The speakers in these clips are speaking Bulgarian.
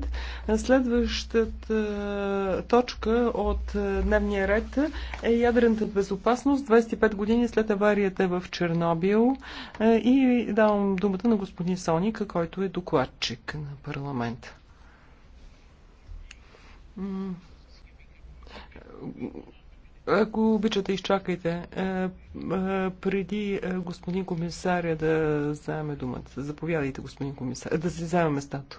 обяд. Следващата е, точка от е, дневния ред е ядрената безопасност 25 години след аварията в Чернобил. Е, и давам думата на господин Соника, който е докладчик на парламента. Ако обичате, изчакайте. Преди господин комисаря да заеме думата. Заповядайте, господин комисар, да се заеме местато.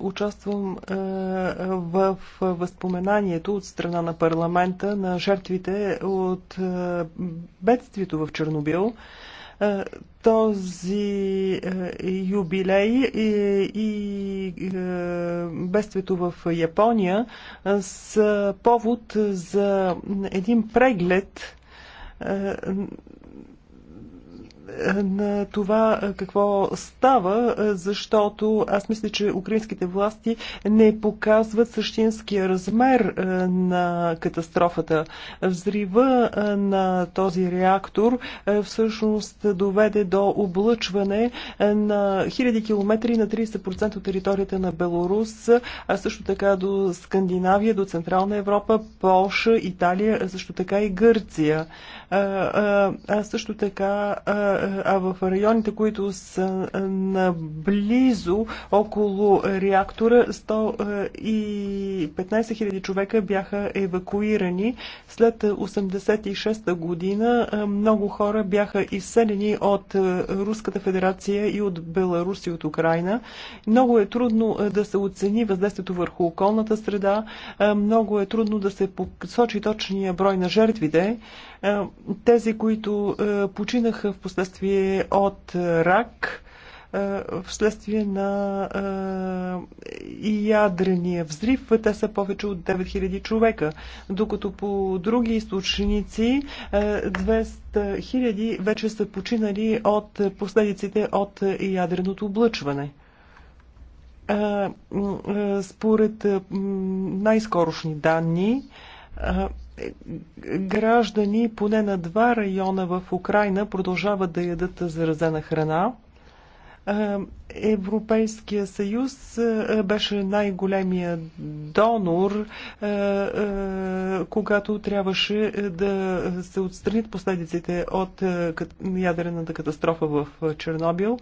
участвам в възпоменанието от страна на парламента на жертвите от бедствието в Чернобил този юбилей и, бедствието в Япония с повод за един преглед на това какво става, защото аз мисля, че украинските власти не показват същинския размер на катастрофата. Взрива на този реактор всъщност доведе до облъчване на хиляди километри на 30% от територията на Беларус, а също така до Скандинавия, до Централна Европа, Полша, Италия, а също така и Гърция. А също така а в районите, които са наблизо около реактора, 115 000 човека бяха евакуирани. След 86-та година много хора бяха изселени от Руската федерация и от Беларус и от Украина. Много е трудно да се оцени въздействието върху околната среда. Много е трудно да се посочи точния брой на жертвите. Е, тези, които е, починаха в последствие от рак, е, вследствие на ядрения взрив. Те са повече от 9000 човека, докато по други източници 200 000 вече са починали от последиците от ядреното облъчване. Според най-скорошни данни, граждани поне на два района в Украина продължават да ядат заразена храна. Европейския съюз беше най-големия донор, когато трябваше да се отстранят последиците от ядрената катастрофа в Чернобил.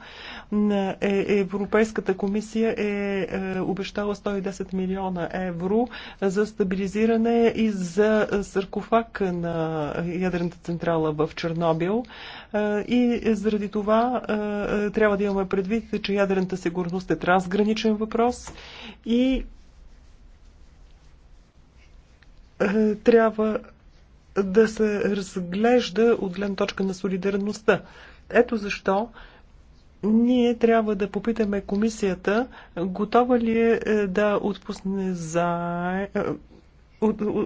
Е, Европейската комисия е обещала 110 милиона евро за стабилизиране и за саркофаг на ядрената централа в Чернобил. И заради това трябва да имаме предвид, че ядрената сигурност е трансграничен въпрос и трябва да се разглежда от гледна точка на солидарността. Ето защо ние трябва да попитаме комисията, готова ли е, е да отпусне за... Е,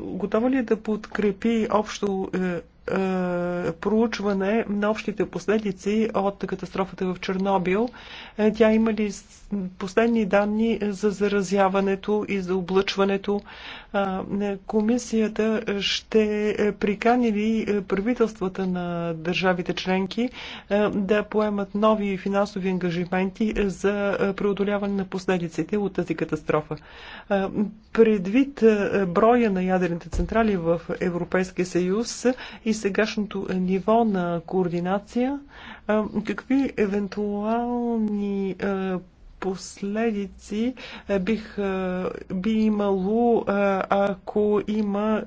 готова ли е да подкрепи общо е, е, проучване на общите последици от катастрофата в Чернобил. Е, тя има ли последни данни за заразяването и за облъчването. Комисията ще прикани ли правителствата на държавите членки да поемат нови финансови ангажименти за преодоляване на последиците от тази катастрофа? Предвид броя на ядрените централи в Европейския съюз и сегашното ниво на координация, какви евентуални последици е, бих, е, би имало, е, ако има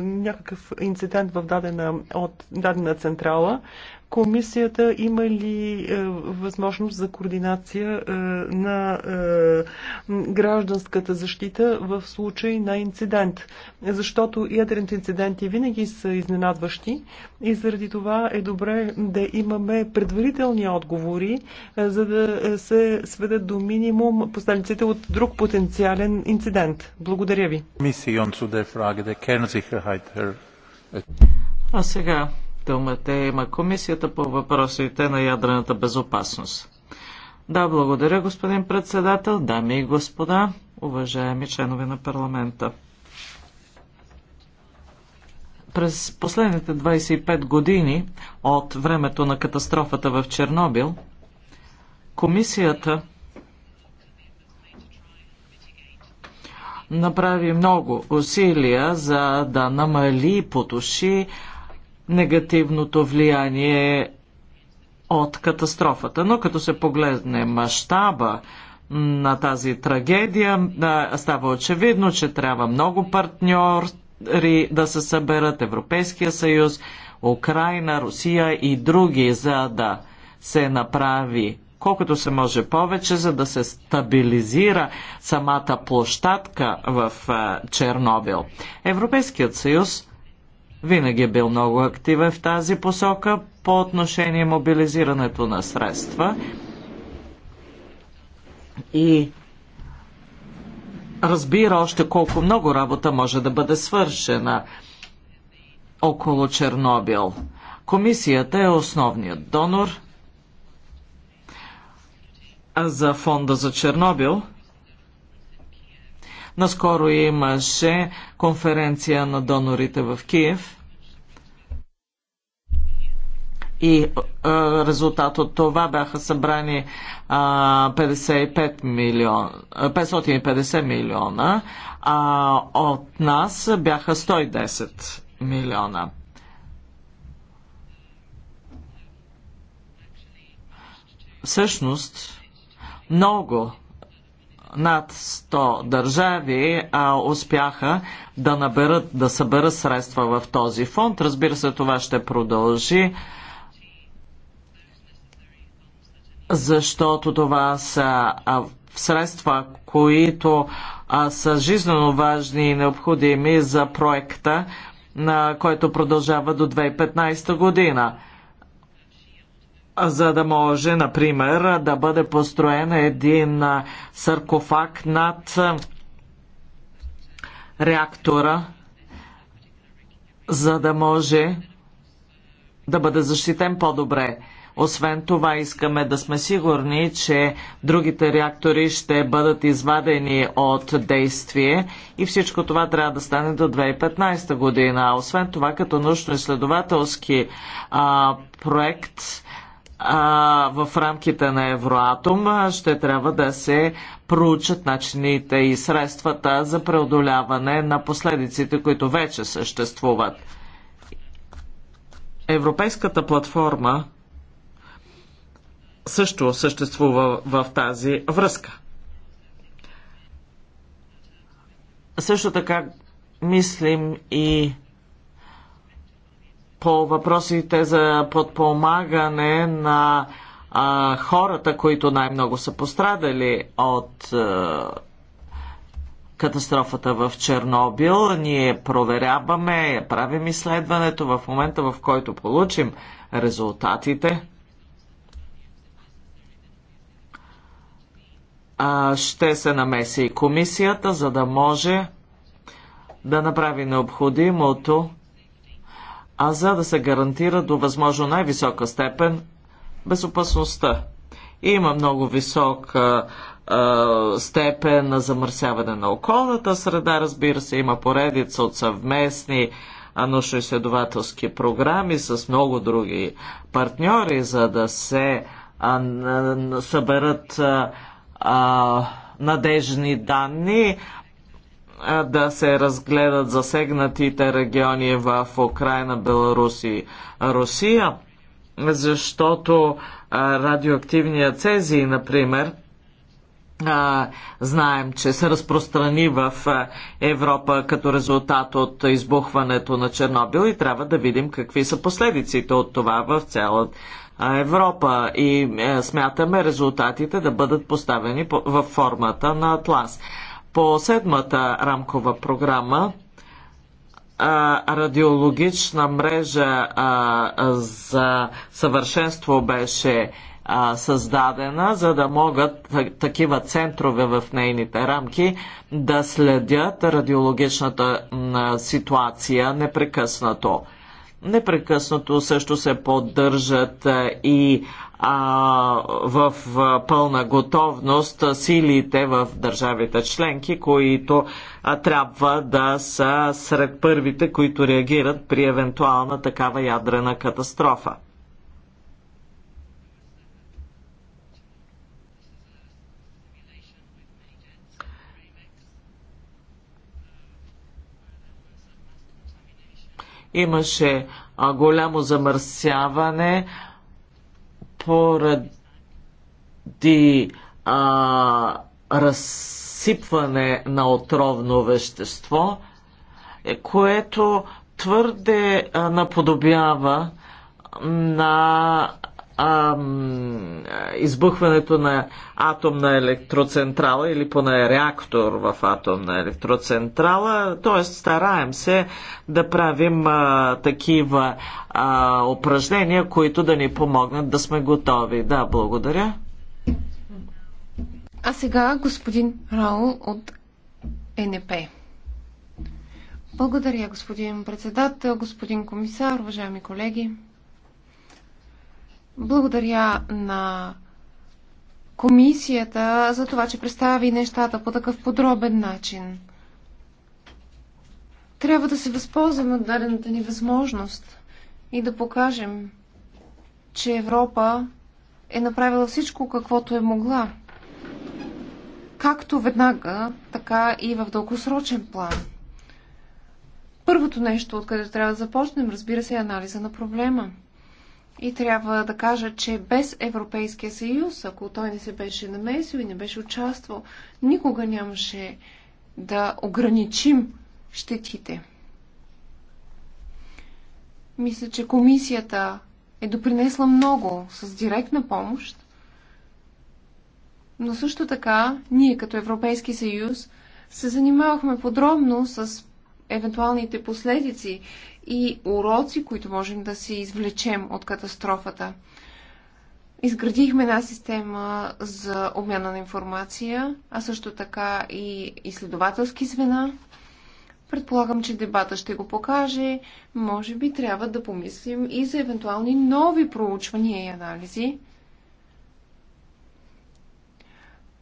някакъв инцидент в дадена, от дадена централа. Комисията има ли е, възможност за координация е, на е, гражданската защита в случай на инцидент? Защото ядрените инциденти винаги са изненадващи и заради това е добре да имаме предварителни отговори, е, за да се сведат до минимум последиците от друг потенциален инцидент. Благодаря ви. А сега е, има Комисията по въпросите на ядрената безопасност. Да, благодаря, господин председател, дами и господа, уважаеми членове на парламента. През последните 25 години от времето на катастрофата в Чернобил, комисията направи много усилия за да намали, потуши негативното влияние от катастрофата. Но като се погледне мащаба на тази трагедия, става очевидно, че трябва много партньори да се съберат Европейския съюз, Украина, Русия и други, за да се направи колкото се може повече, за да се стабилизира самата площадка в Чернобил. Европейският съюз винаги е бил много активен в тази посока по отношение мобилизирането на средства и разбира още колко много работа може да бъде свършена около Чернобил. Комисията е основният донор за фонда за Чернобил. Наскоро имаше конференция на донорите в Киев и а, резултат от това бяха събрани а, 55 милион, 550 милиона, а от нас бяха 110 милиона. Всъщност, много над 100 държави а, успяха да наберат, да съберат средства в този фонд. Разбира се, това ще продължи защото това са средства, които са жизненно важни и необходими за проекта, който продължава до 2015 година за да може, например, да бъде построен един саркофаг над реактора, за да може да бъде защитен по-добре. Освен това искаме да сме сигурни, че другите реактори ще бъдат извадени от действие и всичко това трябва да стане до 2015 година. Освен това, като научно-изследователски проект а, в рамките на Евроатом ще трябва да се проучат начините и средствата за преодоляване на последиците, които вече съществуват. Европейската платформа също съществува в тази връзка. Също така мислим и по въпросите за подпомагане на а, хората, които най-много са пострадали от а, катастрофата в Чернобил. Ние проверяваме, правим изследването в момента, в който получим резултатите а, ще се намеси и комисията, за да може да направи необходимото, а за да се гарантира до възможно най-висока степен безопасността. И има много висока степен на замърсяване на околната среда. Разбира се, има поредица от съвместни научно-изследователски програми с много други партньори, за да се съберат а, надежни данни да се разгледат засегнатите региони в Украина, Беларус и Русия, защото радиоактивния радиоактивният цезий, например, знаем, че се разпространи в Европа като резултат от избухването на Чернобил и трябва да видим какви са последиците от това в цялата. Европа и е, смятаме резултатите да бъдат поставени в формата на Атлас. По седмата рамкова програма е, радиологична мрежа е, за съвършенство беше създадена, за да могат такива центрове в нейните рамки да следят радиологичната ситуация непрекъснато непрекъснато също се поддържат и а, в пълна готовност силите в държавите членки, които а, трябва да са сред първите, които реагират при евентуална такава ядрена катастрофа. Имаше а, голямо замърсяване поради а, разсипване на отровно вещество, е, което твърде а, наподобява на а, избухването на атомна електроцентрала или поне реактор в атомна електроцентрала. Т.е. стараем се да правим а, такива а, упражнения, които да ни помогнат да сме готови. Да, благодаря. А сега господин Рао от НП. Благодаря, господин председател, господин комисар, уважаеми колеги. Благодаря на комисията за това, че представи нещата по такъв подробен начин. Трябва да се възползваме от дадената ни възможност и да покажем, че Европа е направила всичко, каквото е могла. Както веднага, така и в дългосрочен план. Първото нещо, откъдето трябва да започнем, разбира се, е анализа на проблема – и трябва да кажа, че без Европейския съюз, ако той не се беше намесил и не беше участвал, никога нямаше да ограничим щетите. Мисля, че комисията е допринесла много с директна помощ, но също така ние като Европейски съюз се занимавахме подробно с евентуалните последици и уроци, които можем да си извлечем от катастрофата. Изградихме една система за обмяна на информация, а също така и изследователски звена. Предполагам, че дебата ще го покаже. Може би трябва да помислим и за евентуални нови проучвания и анализи.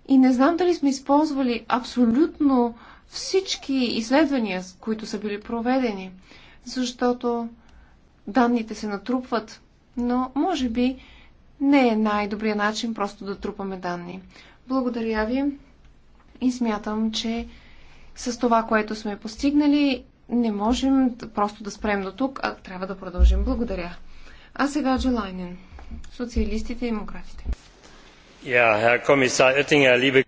И не знам дали сме използвали абсолютно всички изследвания, които са били проведени, защото данните се натрупват, но може би не е най-добрият начин просто да трупаме данни. Благодаря ви и смятам, че с това, което сме постигнали, не можем просто да спрем до тук, а трябва да продължим. Благодаря. А сега Джелайнен. Социалистите и демократите herr Kommissar liebe...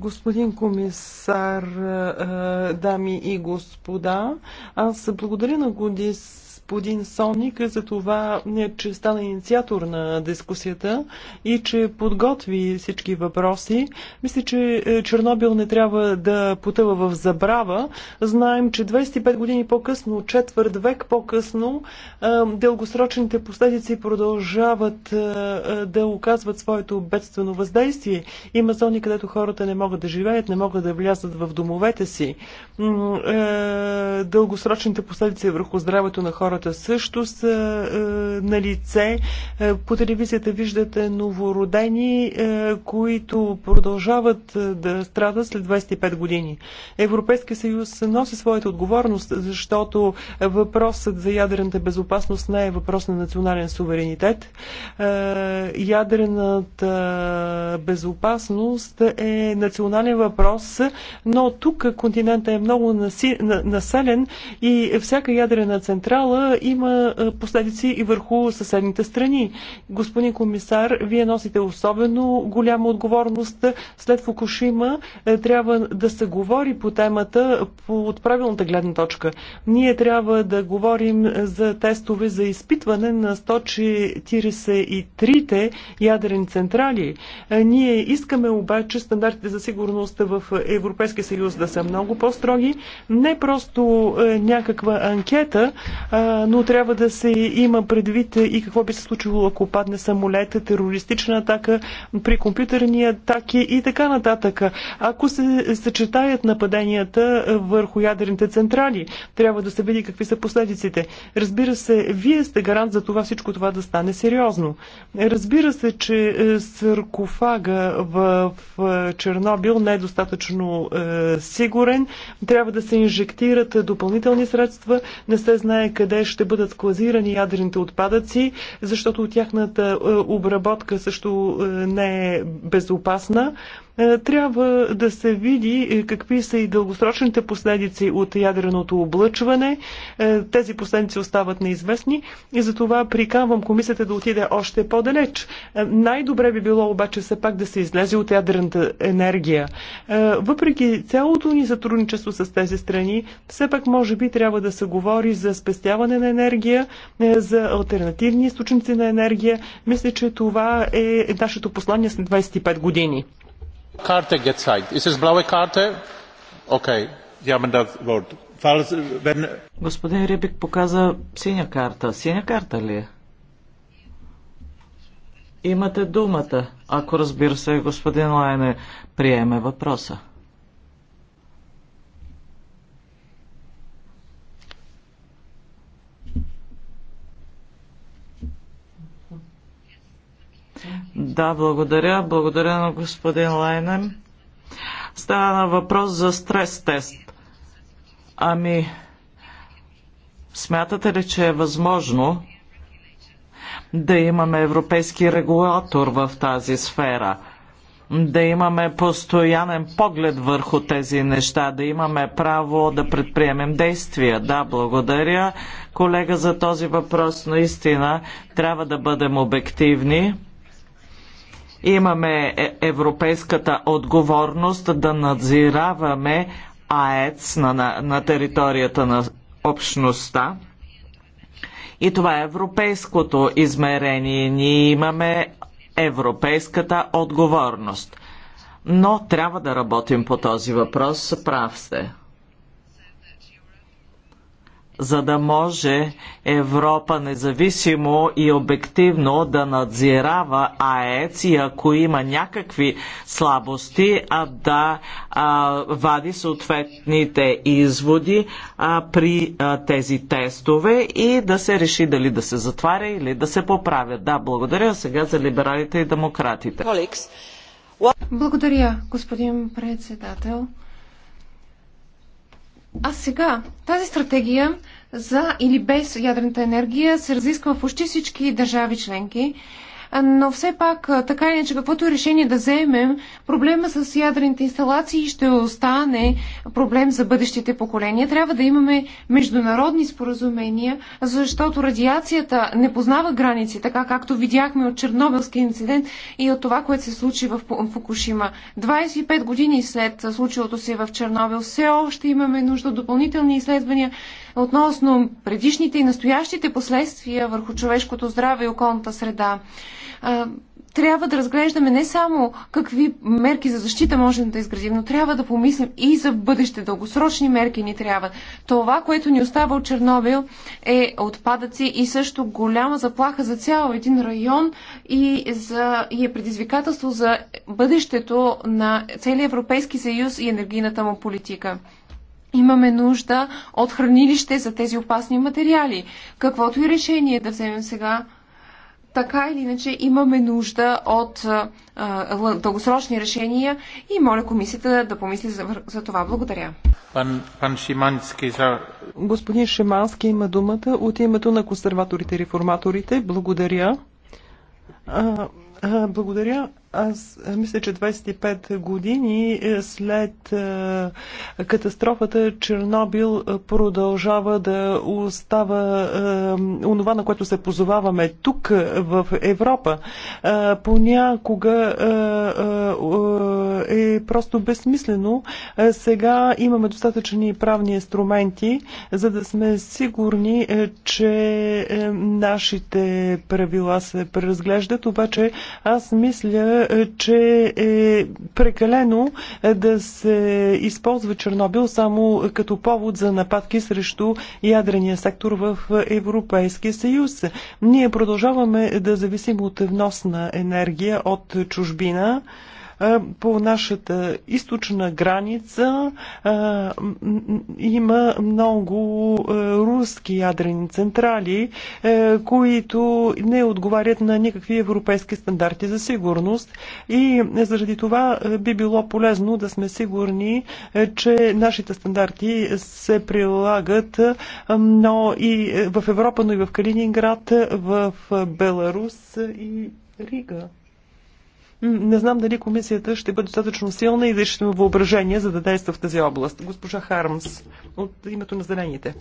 Господин комисар, дами и господа, аз благодаря на Годис господин Соник за това, че стана инициатор на дискусията и че подготви всички въпроси. Мисля, че е, Чернобил не трябва да потъва в забрава. Знаем, че 25 години по-късно, четвърт век по-късно, е, дългосрочните последици продължават е, да оказват своето бедствено въздействие. Има зони, където хората не могат да живеят, не могат да влязат в домовете си. Дългосрочните последици върху здравето на хората хората също са е, на лице. Е, по телевизията виждате новородени, е, които продължават е, да страдат след 25 години. Европейския съюз носи своята отговорност, защото въпросът за ядрената безопасност не е въпрос на национален суверенитет. Е, ядрената безопасност е национален въпрос, но тук континентът е много населен и всяка ядрена централа има последици и върху съседните страни. Господин комисар, вие носите особено голяма отговорност. След Фукушима е, трябва да се говори по темата от правилната гледна точка. Ние трябва да говорим за тестове за изпитване на 143-те ядрени централи. Е, ние искаме обаче стандартите за сигурност в Европейския съюз да са много по-строги. Не просто е, някаква анкета, а но трябва да се има предвид и какво би се случило, ако падне самолет, терористична атака, при компютърни атаки и така нататък. Ако се съчетаят нападенията върху ядрените централи, трябва да се види какви са последиците. Разбира се, вие сте гарант за това всичко това да стане сериозно. Разбира се, че е, саркофага в Чернобил не е достатъчно е, сигурен. Трябва да се инжектират допълнителни средства. Не се знае къде къде ще бъдат клазирани ядрените отпадъци, защото тяхната е, обработка също е, не е безопасна. Е, трябва да се види е, какви са и дългосрочните последици от ядреното облъчване. Е, тези последици остават неизвестни и затова приканвам комисията да отиде още по-далеч. Най-добре би било обаче все пак да се излезе от ядрената енергия. Въпреки цялото ни сътрудничество с тези страни, все пак може би трябва да се говори за спестяване на енергия, за альтернативни източници на енергия. Мисля, че това е нашето послание след 25 години. Karte gezeigt. Ist es blaue Karte? Okay. Sie haben das Wort. Falls, wenn... Господин Рибик показа синя карта. Синя карта ли е? Имате думата, ако разбира се господин Лайне приеме въпроса. Да, благодаря. Благодаря на господин Лайнен. Става на въпрос за стрес-тест. Ами, смятате ли, че е възможно да имаме европейски регулатор в тази сфера? да имаме постоянен поглед върху тези неща, да имаме право да предприемем действия. Да, благодаря, колега, за този въпрос. Наистина трябва да бъдем обективни Имаме е, европейската отговорност да надзираваме АЕЦ на, на, на територията на общността. И това е европейското измерение. Ние имаме европейската отговорност. Но трябва да работим по този въпрос. Прав сте за да може Европа независимо и обективно да надзирава АЕЦ и ако има някакви слабости, а да а, вади съответните изводи а, при а, тези тестове и да се реши дали да се затваря или да се поправя. Да, благодаря сега за либералите и демократите. Благодаря, господин председател. А сега тази стратегия за или без ядрената енергия се разисква в почти всички държави членки но все пак, така или иначе, каквото е решение да вземем, проблема с ядрените инсталации ще остане проблем за бъдещите поколения. Трябва да имаме международни споразумения, защото радиацията не познава граници, така както видяхме от Чернобилския инцидент и от това, което се случи в Фукушима. 25 години след случилото се в Чернобил, все още имаме нужда от допълнителни изследвания относно предишните и настоящите последствия върху човешкото здраве и околната среда трябва да разглеждаме не само какви мерки за защита можем да изградим, но трябва да помислим и за бъдеще. Дългосрочни мерки ни трябва. Това, което ни остава от Чернобил е отпадъци и също голяма заплаха за цял един район и, за, и е предизвикателство за бъдещето на целия Европейски съюз и енергийната му политика. Имаме нужда от хранилище за тези опасни материали. Каквото и решение да вземем сега, така или иначе имаме нужда от а, дългосрочни решения и моля комисията да помисли за, за това. Благодаря. Пан, пан Шимански за... Господин Шимански има думата от името на консерваторите и реформаторите. Благодаря. А, а, благодаря. Аз мисля, че 25 години е, след е, катастрофата Чернобил е, продължава да остава онова, на което се позоваваме тук в Европа. Понякога е просто безсмислено. Сега имаме достатъчни правни инструменти, за да сме сигурни, че нашите правила се преразглеждат, обаче аз мисля, е, че е прекалено е, да се използва Чернобил само като повод за нападки срещу ядрения сектор в Европейския съюз. Ние продължаваме да зависим от внос на енергия от чужбина. По нашата източна граница има много руски ядрени централи, които не отговарят на никакви европейски стандарти за сигурност и заради това би било полезно да сме сигурни, че нашите стандарти се прилагат, но и в Европа, но и в Калининград, в Беларус и Рига. Не знам дали комисията ще бъде достатъчно силна и да ще има въображение, за да действа в тази област. Госпожа Хармс, от името на Зелените.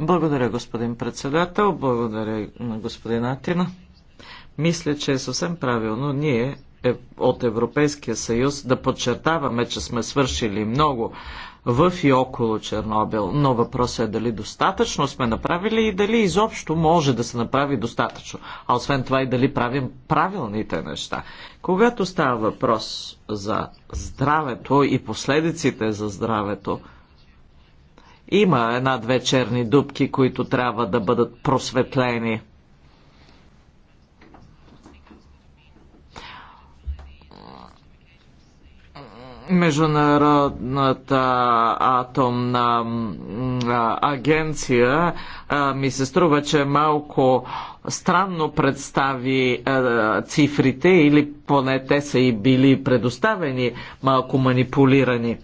Благодаря, господин председател. Благодаря на господин Атина. Мисля, че е съвсем правилно ние е, от Европейския съюз да подчертаваме, че сме свършили много в и около Чернобил. Но въпросът е дали достатъчно сме направили и дали изобщо може да се направи достатъчно. А освен това и дали правим правилните неща. Когато става въпрос за здравето и последиците за здравето, има една-две черни дубки, които трябва да бъдат просветлени – Международната атомна агенция ми се струва, че малко странно представи цифрите или поне те са и били предоставени малко манипулирани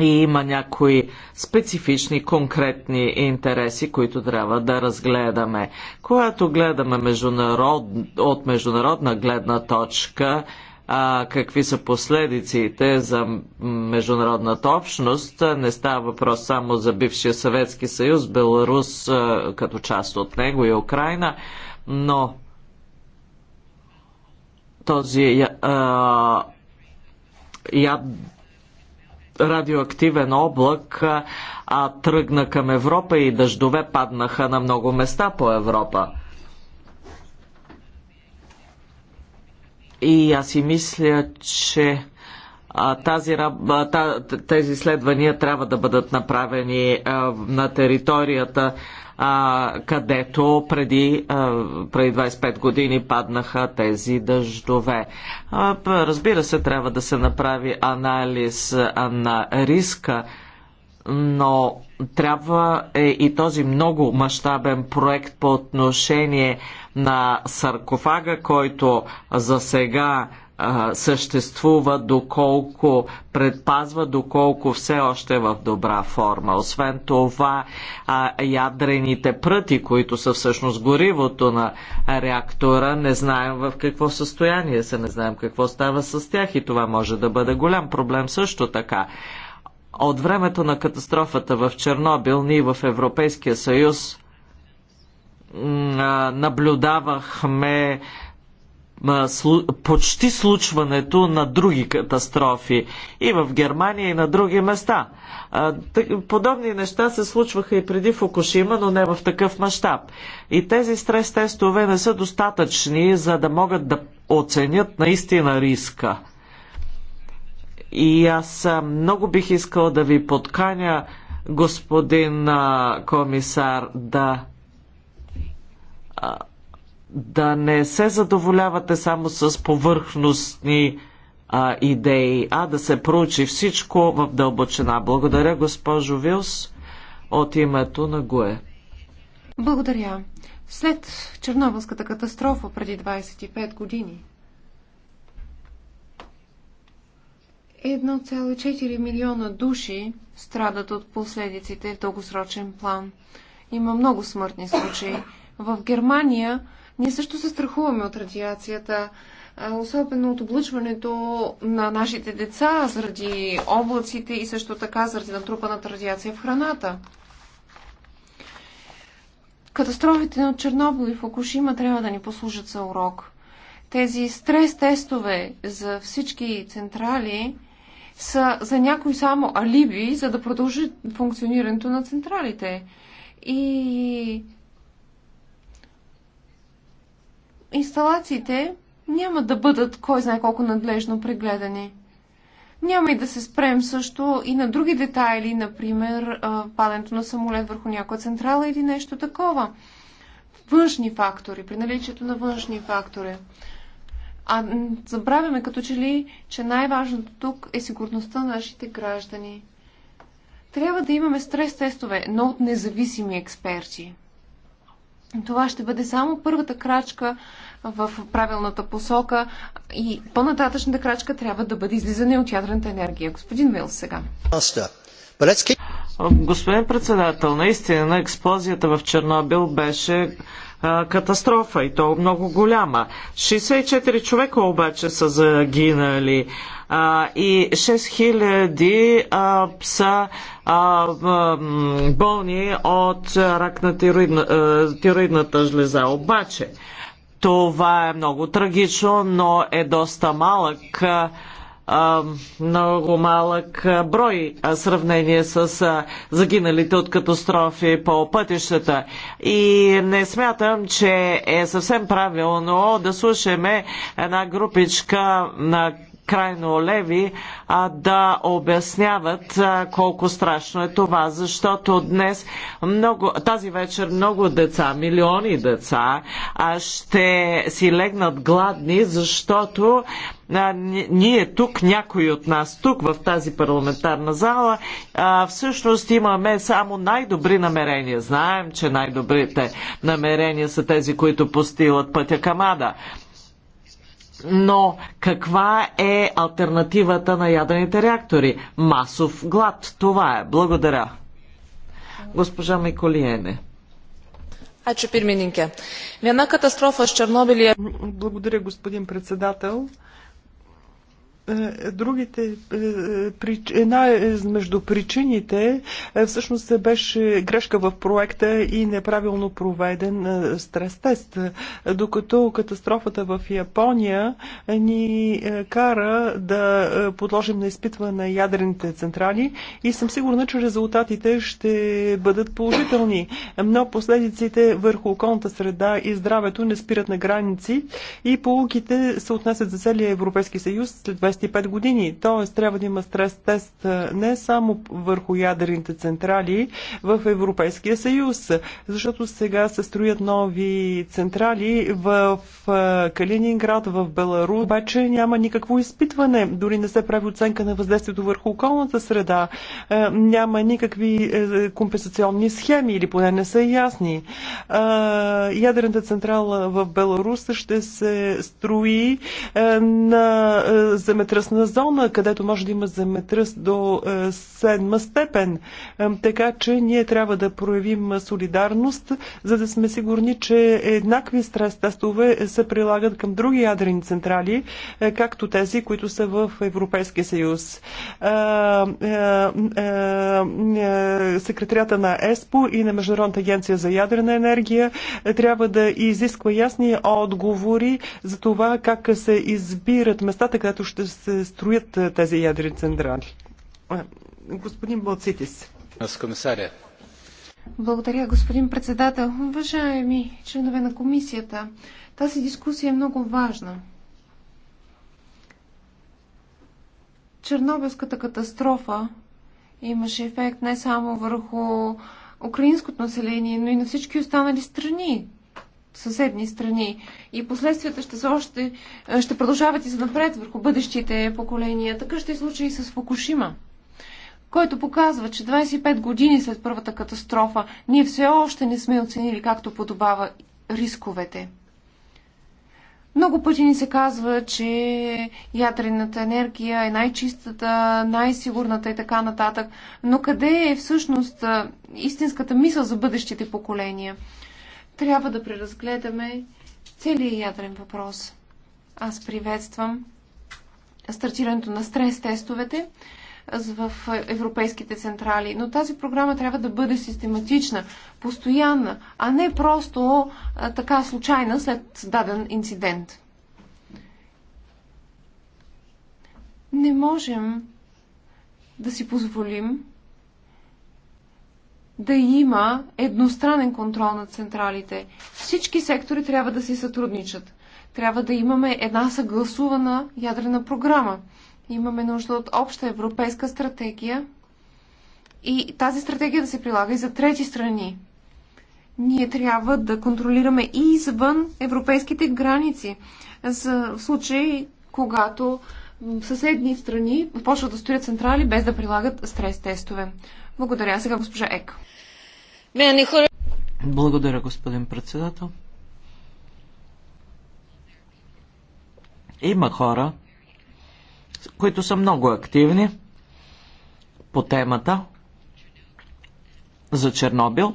и има някои специфични, конкретни интереси, които трябва да разгледаме. Когато гледаме международ... от международна гледна точка, а, какви са последиците за международната общност. Не става въпрос само за бившия Съветски съюз, Беларус а, като част от него и Украина, но този а, я, радиоактивен облак а, тръгна към Европа и дъждове паднаха на много места по Европа. И аз си мисля, че тази, тези изследвания трябва да бъдат направени на територията, където преди, преди 25 години паднаха тези дъждове. Разбира се, трябва да се направи анализ на риска, но трябва е и този много мащабен проект по отношение на саркофага, който за сега съществува, доколко предпазва, доколко все още е в добра форма. Освен това, ядрените пръти, които са всъщност горивото на реактора, не знаем в какво състояние са, не знаем какво става с тях и това може да бъде голям проблем също така. От времето на катастрофата в Чернобил ние в Европейския съюз наблюдавахме почти случването на други катастрофи и в Германия и на други места. Подобни неща се случваха и преди Фукушима, но не в такъв мащаб. И тези стрес тестове не са достатъчни, за да могат да оценят наистина риска. И аз много бих искал да ви подканя, господин комисар, да да не се задоволявате само с повърхностни а, идеи, а да се проучи всичко в дълбочина. Благодаря, госпожо Вилс, от името на ГУЕ. Благодаря. След Чернобылската катастрофа преди 25 години, 1,4 милиона души страдат от последиците в дългосрочен план. Има много смъртни случаи. В Германия ние също се страхуваме от радиацията, особено от облъчването на нашите деца заради облаците и също така заради натрупаната радиация в храната. Катастрофите на Чернобил и Фукушима трябва да ни послужат за урок. Тези стрес тестове за всички централи са за някои само алиби, за да продължи функционирането на централите. И инсталациите няма да бъдат кой знае колко надлежно прегледани. Няма и да се спрем също и на други детайли, например падането на самолет върху някоя централа или нещо такова. Външни фактори, при наличието на външни фактори. А забравяме като че ли, че най-важното тук е сигурността на нашите граждани. Трябва да имаме стрес тестове, но от независими експерти. Това ще бъде само първата крачка в правилната посока и по-нататъчната крачка трябва да бъде излизане от ядрената енергия. Господин Вилс сега. Господин председател, наистина експлозията в Чернобил беше катастрофа и то много голяма. 64 човека обаче са загинали а, и 6000 а, са а, болни от рак на тироидна, а, тироидната жлеза. Обаче това е много трагично, но е доста малък. А, много малък брой в сравнение с загиналите от катастрофи по пътищата. И не смятам, че е съвсем правилно да слушаме една групичка на крайно леви а, да обясняват а, колко страшно е това, защото днес много, тази вечер много деца, милиони деца а, ще си легнат гладни, защото а, ние тук, някои от нас тук, в тази парламентарна зала, а, всъщност имаме само най-добри намерения. Знаем, че най-добрите намерения са тези, които постилат пътя към Ада. Но каква е альтернативата на ядрените реактори? Масов глад. Това е. Благодаря. Госпожа Миколиене. Ačiū pirmininkė. Viena Благодаря, господин председател. Е, другите, е, една е между причините всъщност беше грешка в проекта и неправилно проведен стрес-тест, докато катастрофата в Япония ни кара да подложим на изпитване на ядрените централи и съм сигурна, че резултатите ще бъдат положителни, но последиците върху околната среда и здравето не спират на граници и полуките се отнасят за целия Европейски съюз след 20 25 години. Тоест трябва да има стрес тест не само върху ядрените централи в Европейския съюз, защото сега се строят нови централи в Калининград, в Беларус. Обаче няма никакво изпитване, дори не се прави оценка на въздействието върху околната среда. Няма никакви е, компенсационни схеми или поне не са ясни. Ядрената централа в Беларус ще се строи е, на земеделие земетръсна зона, където може да има земетръс до е, седма степен. Е, така че ние трябва да проявим солидарност, за да сме сигурни, че еднакви стрес тестове се прилагат към други ядрени централи, е, както тези, които са в Европейския съюз. Секретарията на ЕСПО и на Международната агенция за ядрена енергия трябва да изисква ясни отговори за това как се избират местата, където ще се строят е, тези ядрени централи. Господин Балцитис. Комисаря. Благодаря, господин председател. Уважаеми членове на комисията, тази дискусия е много важна. Чернобилската катастрофа имаше ефект не само върху украинското население, но и на всички останали страни, съседни страни. И последствията ще, са още, е, ще продължават и за напред върху бъдещите поколения. Така ще е случай и с Фукушима, който показва, че 25 години след първата катастрофа ние все още не сме оценили както подобава рисковете. Много пъти ни се казва, че ядрената енергия е най-чистата, най-сигурната и така нататък. Но къде е всъщност е, истинската мисъл за бъдещите поколения? трябва да преразгледаме целият ядрен въпрос. Аз приветствам стартирането на стрес-тестовете в европейските централи. Но тази програма трябва да бъде систематична, постоянна, а не просто а, така случайна след даден инцидент. Не можем да си позволим да има едностранен контрол на централите. Всички сектори трябва да си сътрудничат. Трябва да имаме една съгласувана ядрена програма. Имаме нужда от обща европейска стратегия и тази стратегия да се прилага и за трети страни. Ние трябва да контролираме и извън европейските граници. За случай, когато съседни страни почват да строят централи без да прилагат стрес тестове. Благодаря. Сега госпожа Ек. Благодаря, господин председател. Има хора, които са много активни по темата за Чернобил.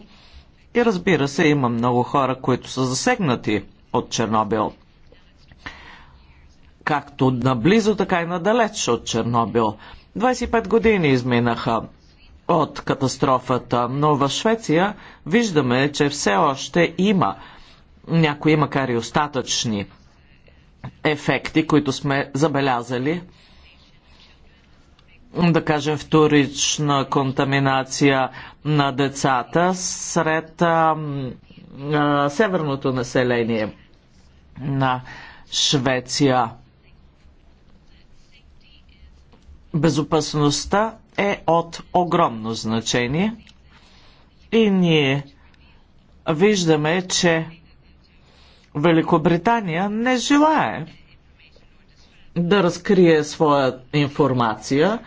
И разбира се, има много хора, които са засегнати от Чернобил. Както наблизо, така и надалеч от Чернобил. 25 години изминаха от катастрофата, но в Швеция виждаме, че все още има някои, макар и остатъчни ефекти, които сме забелязали. Да кажем, вторична контаминация на децата сред а, а, северното население на Швеция. Безопасността е от огромно значение и ние виждаме, че Великобритания не желае да разкрие своя информация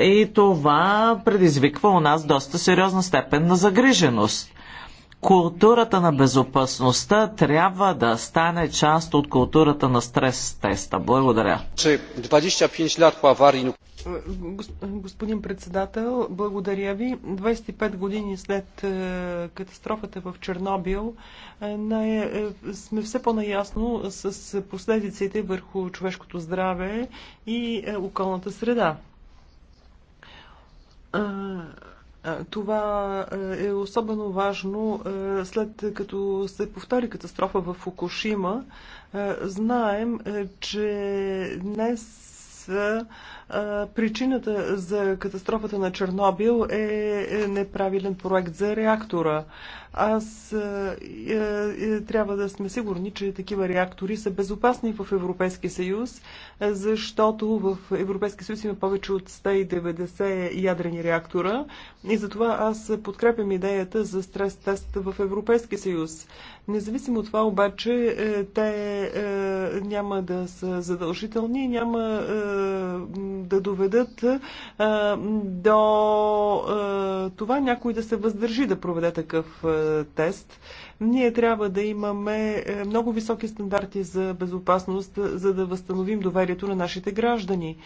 и това предизвиква у нас доста сериозна степен на загриженост. Културата на безопасността трябва да стане част от културата на стрес теста. Благодаря. 25 лет по аварии... Господин председател, благодаря ви. 25 години след е, катастрофата в Чернобил е, е, сме все по-наясно с последиците върху човешкото здраве и околната среда това е особено важно след като се повтори катастрофа в Фукушима. Знаем, че днес причината за катастрофата на Чернобил е, е неправилен проект за реактора. Аз е, е, е, трябва да сме сигурни, че такива реактори са безопасни в Европейския съюз, е, защото в Европейския съюз има повече от 190 ядрени реактора и затова аз подкрепям идеята за стрес-тест в Европейския съюз. Независимо от това обаче, е, те е, няма да са задължителни, няма е, да доведат е, до е, това някой да се въздържи да проведе такъв е, тест. Ние трябва да имаме е, много високи стандарти за безопасност, за да възстановим доверието на нашите граждани.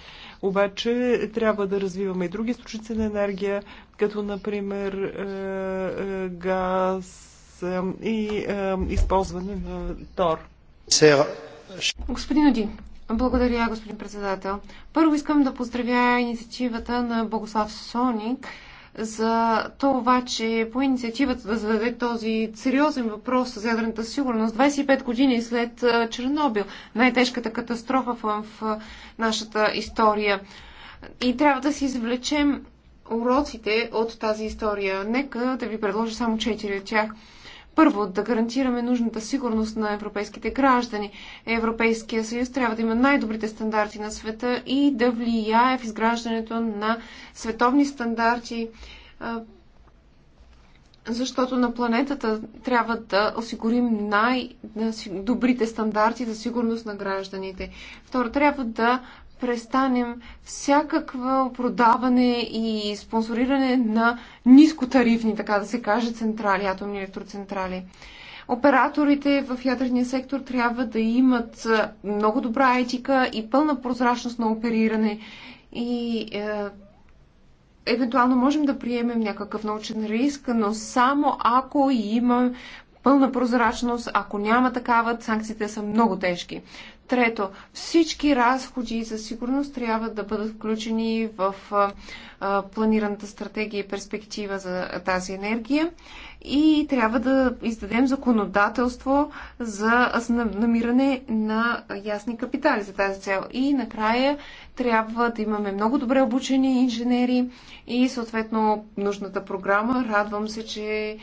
Обаче трябва да развиваме и други източници на енергия, като например е, е, газ и използване на тор. Господин Оди, благодаря, господин председател. Първо искам да поздравя инициативата на Богослав Соник – за това, че по инициативата да зададе този сериозен въпрос за ядрената сигурност 25 години след Чернобил, най-тежката катастрофа в нашата история. И трябва да си извлечем уроците от тази история. Нека да ви предложа само 4 от тях – първо, да гарантираме нужната сигурност на европейските граждани. Европейския съюз трябва да има най-добрите стандарти на света и да влияе в изграждането на световни стандарти, защото на планетата трябва да осигурим най-добрите стандарти за сигурност на гражданите. Второ, трябва да престанем всякакво продаване и спонсориране на нискотарифни, така да се каже, централи, атомни електроцентрали. Операторите в ядрения сектор трябва да имат много добра етика и пълна прозрачност на опериране и е, евентуално можем да приемем някакъв научен риск, но само ако има пълна прозрачност. Ако няма такава, санкциите са много тежки. Трето, всички разходи за сигурност трябва да бъдат включени в планираната стратегия и перспектива за тази енергия и трябва да издадем законодателство за намиране на ясни капитали за тази цел. И накрая трябва да имаме много добре обучени инженери и съответно нужната програма. Радвам се, че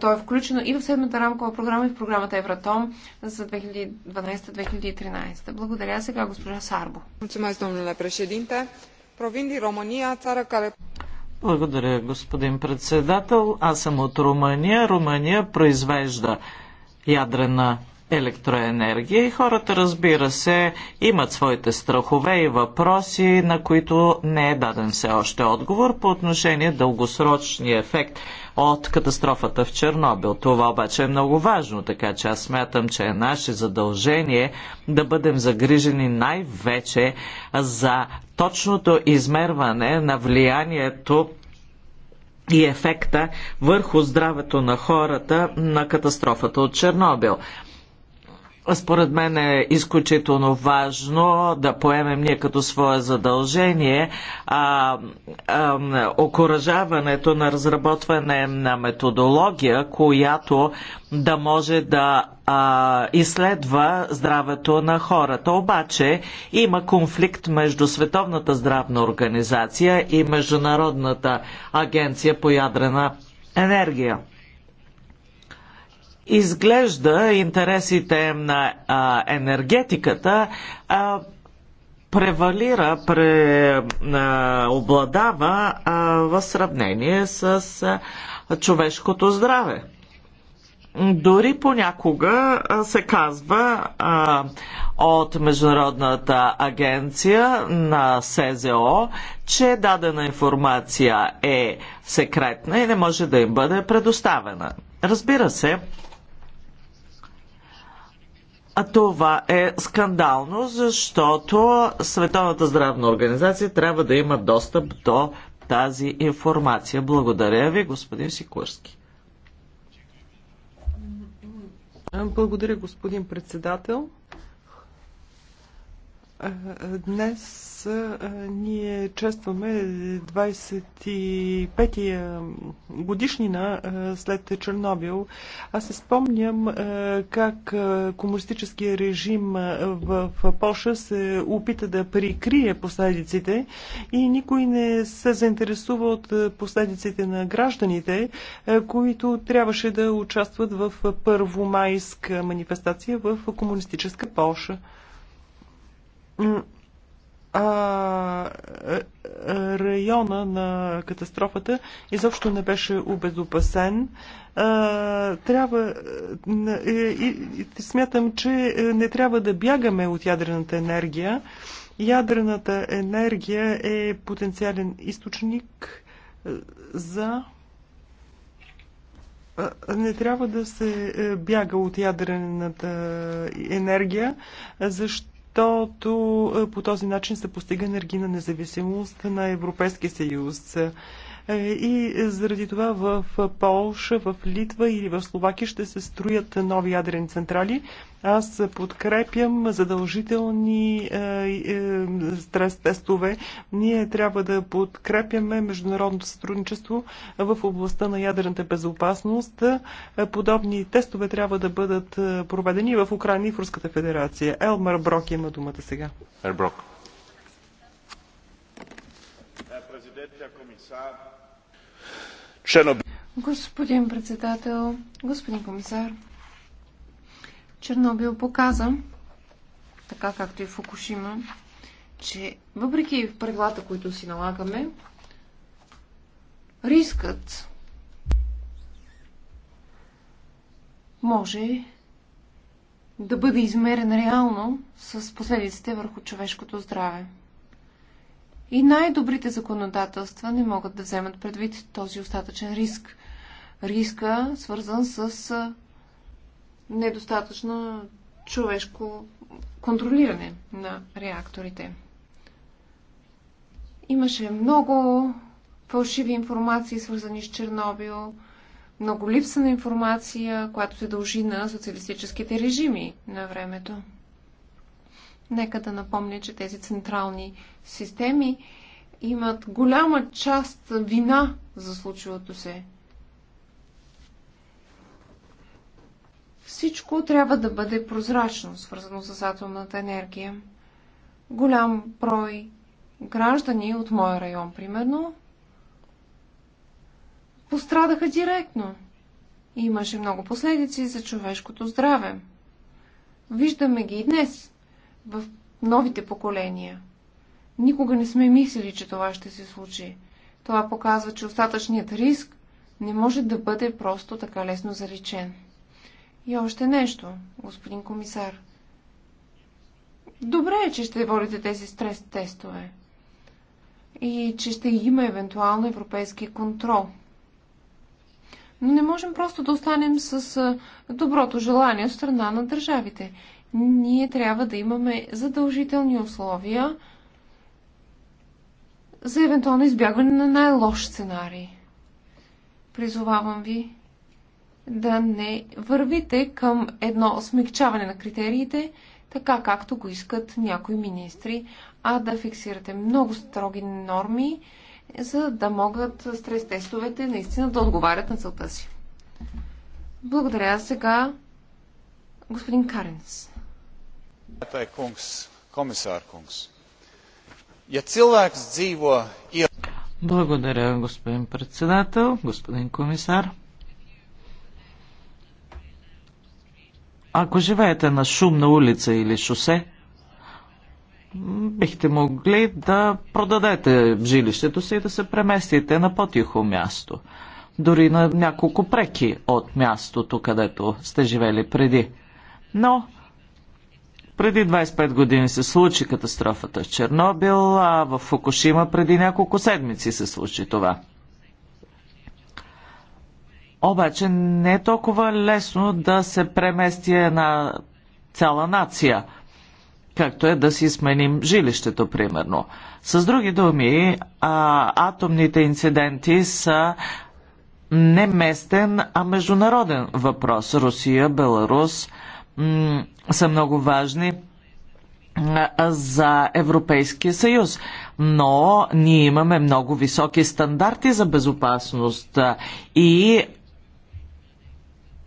то е включено и в седмата рамкова програма и в програмата Евратом за 2012-2013. Благодаря сега госпожа Сарбо. Mulțumesc, domnule președinte. Provin din România, țară care... Благодаря, господин председател. Аз съм от Румъния. Румъния произвежда ядрена електроенергия и хората, разбира се, имат своите страхове и въпроси, на които не е даден все още отговор по отношение дългосрочния ефект от катастрофата в Чернобил. Това обаче е много важно, така че аз смятам, че е наше задължение да бъдем загрижени най-вече за точното измерване на влиянието и ефекта върху здравето на хората на катастрофата от Чернобил според мен е изключително важно да поемем ние като свое задължение а, а, окоръжаването на разработване на методология, която да може да а, изследва здравето на хората. Обаче има конфликт между Световната здравна организация и Международната агенция по ядрена енергия изглежда интересите на а, енергетиката а, превалира, пре, а, обладава а, в сравнение с а, човешкото здраве. Дори понякога се казва а, от Международната агенция на СЗО, че дадена информация е секретна и не може да им бъде предоставена. Разбира се, това е скандално, защото Световната здравна организация трябва да има достъп до тази информация. Благодаря ви, господин Сикурски. Благодаря, господин председател. Днес днес ние честваме 25-я годишнина след Чернобил. Аз се спомням как комунистическия режим в Польша се опита да прикрие последиците и никой не се заинтересува от последиците на гражданите, които трябваше да участват в първомайска манифестация в комунистическа Польша а, е, е, района на катастрофата изобщо не беше обезопасен. А, трябва, е, и, и, смятам, че не трябва да бягаме от ядрената енергия. Ядрената енергия е потенциален източник за не трябва да се бяга от ядрената енергия, защото защото е, по този начин се постига енергийна независимост на Европейския съюз. Е, и заради това в Полша, в Литва или в Словакия ще се строят нови ядрени централи. Аз подкрепям задължителни е, е, стрес-тестове. Ние трябва да подкрепяме международното сътрудничество в областта на ядрената безопасност. Е, подобни тестове трябва да бъдат е, проведени в Украина и в Руската федерация. Елмар Брок има думата сега. Елмар Брок. Президент, комисар, Господин председател, господин комисар, Чернобил показа, така както и Фукушима, че въпреки правилата, които си налагаме, рискът може да бъде измерен реално с последиците върху човешкото здраве. И най-добрите законодателства не могат да вземат предвид този остатъчен риск. Риска, свързан с недостатъчно човешко контролиране на реакторите. Имаше много фалшиви информации, свързани с Чернобил, много липса на информация, която се дължи на социалистическите режими на времето. Нека да напомня, че тези централни системи имат голяма част вина за случилото се. Всичко трябва да бъде прозрачно, свързано с атомната енергия. Голям брой граждани от моя район, примерно, пострадаха директно. Имаше много последици за човешкото здраве. Виждаме ги и днес в новите поколения. Никога не сме мислили, че това ще се случи. Това показва, че остатъчният риск не може да бъде просто така лесно заличен. И още нещо, господин комисар. Добре е, че ще водите тези стрес тестове и че ще има евентуално европейски контрол. Но не можем просто да останем с доброто желание от страна на държавите ние трябва да имаме задължителни условия за евентуално избягване на най-лош сценарий. Призовавам ви да не вървите към едно смягчаване на критериите, така както го искат някои министри, а да фиксирате много строги норми, за да могат стрес-тестовете наистина да отговарят на целта си. Благодаря сега господин Каренс. Благодаря, господин председател, господин комисар. Ако живеете на шумна улица или шосе, бихте могли да продадете жилището си и да се преместите на по-тихо място. Дори на няколко преки от мястото, където сте живели преди. Но преди 25 години се случи катастрофата в Чернобил, а в Фукушима преди няколко седмици се случи това. Обаче не е толкова лесно да се премести една цяла нация, както е да си сменим жилището, примерно. С други думи, а, атомните инциденти са не местен, а международен въпрос. Русия, Беларус, са много важни за Европейския съюз. Но ние имаме много високи стандарти за безопасност и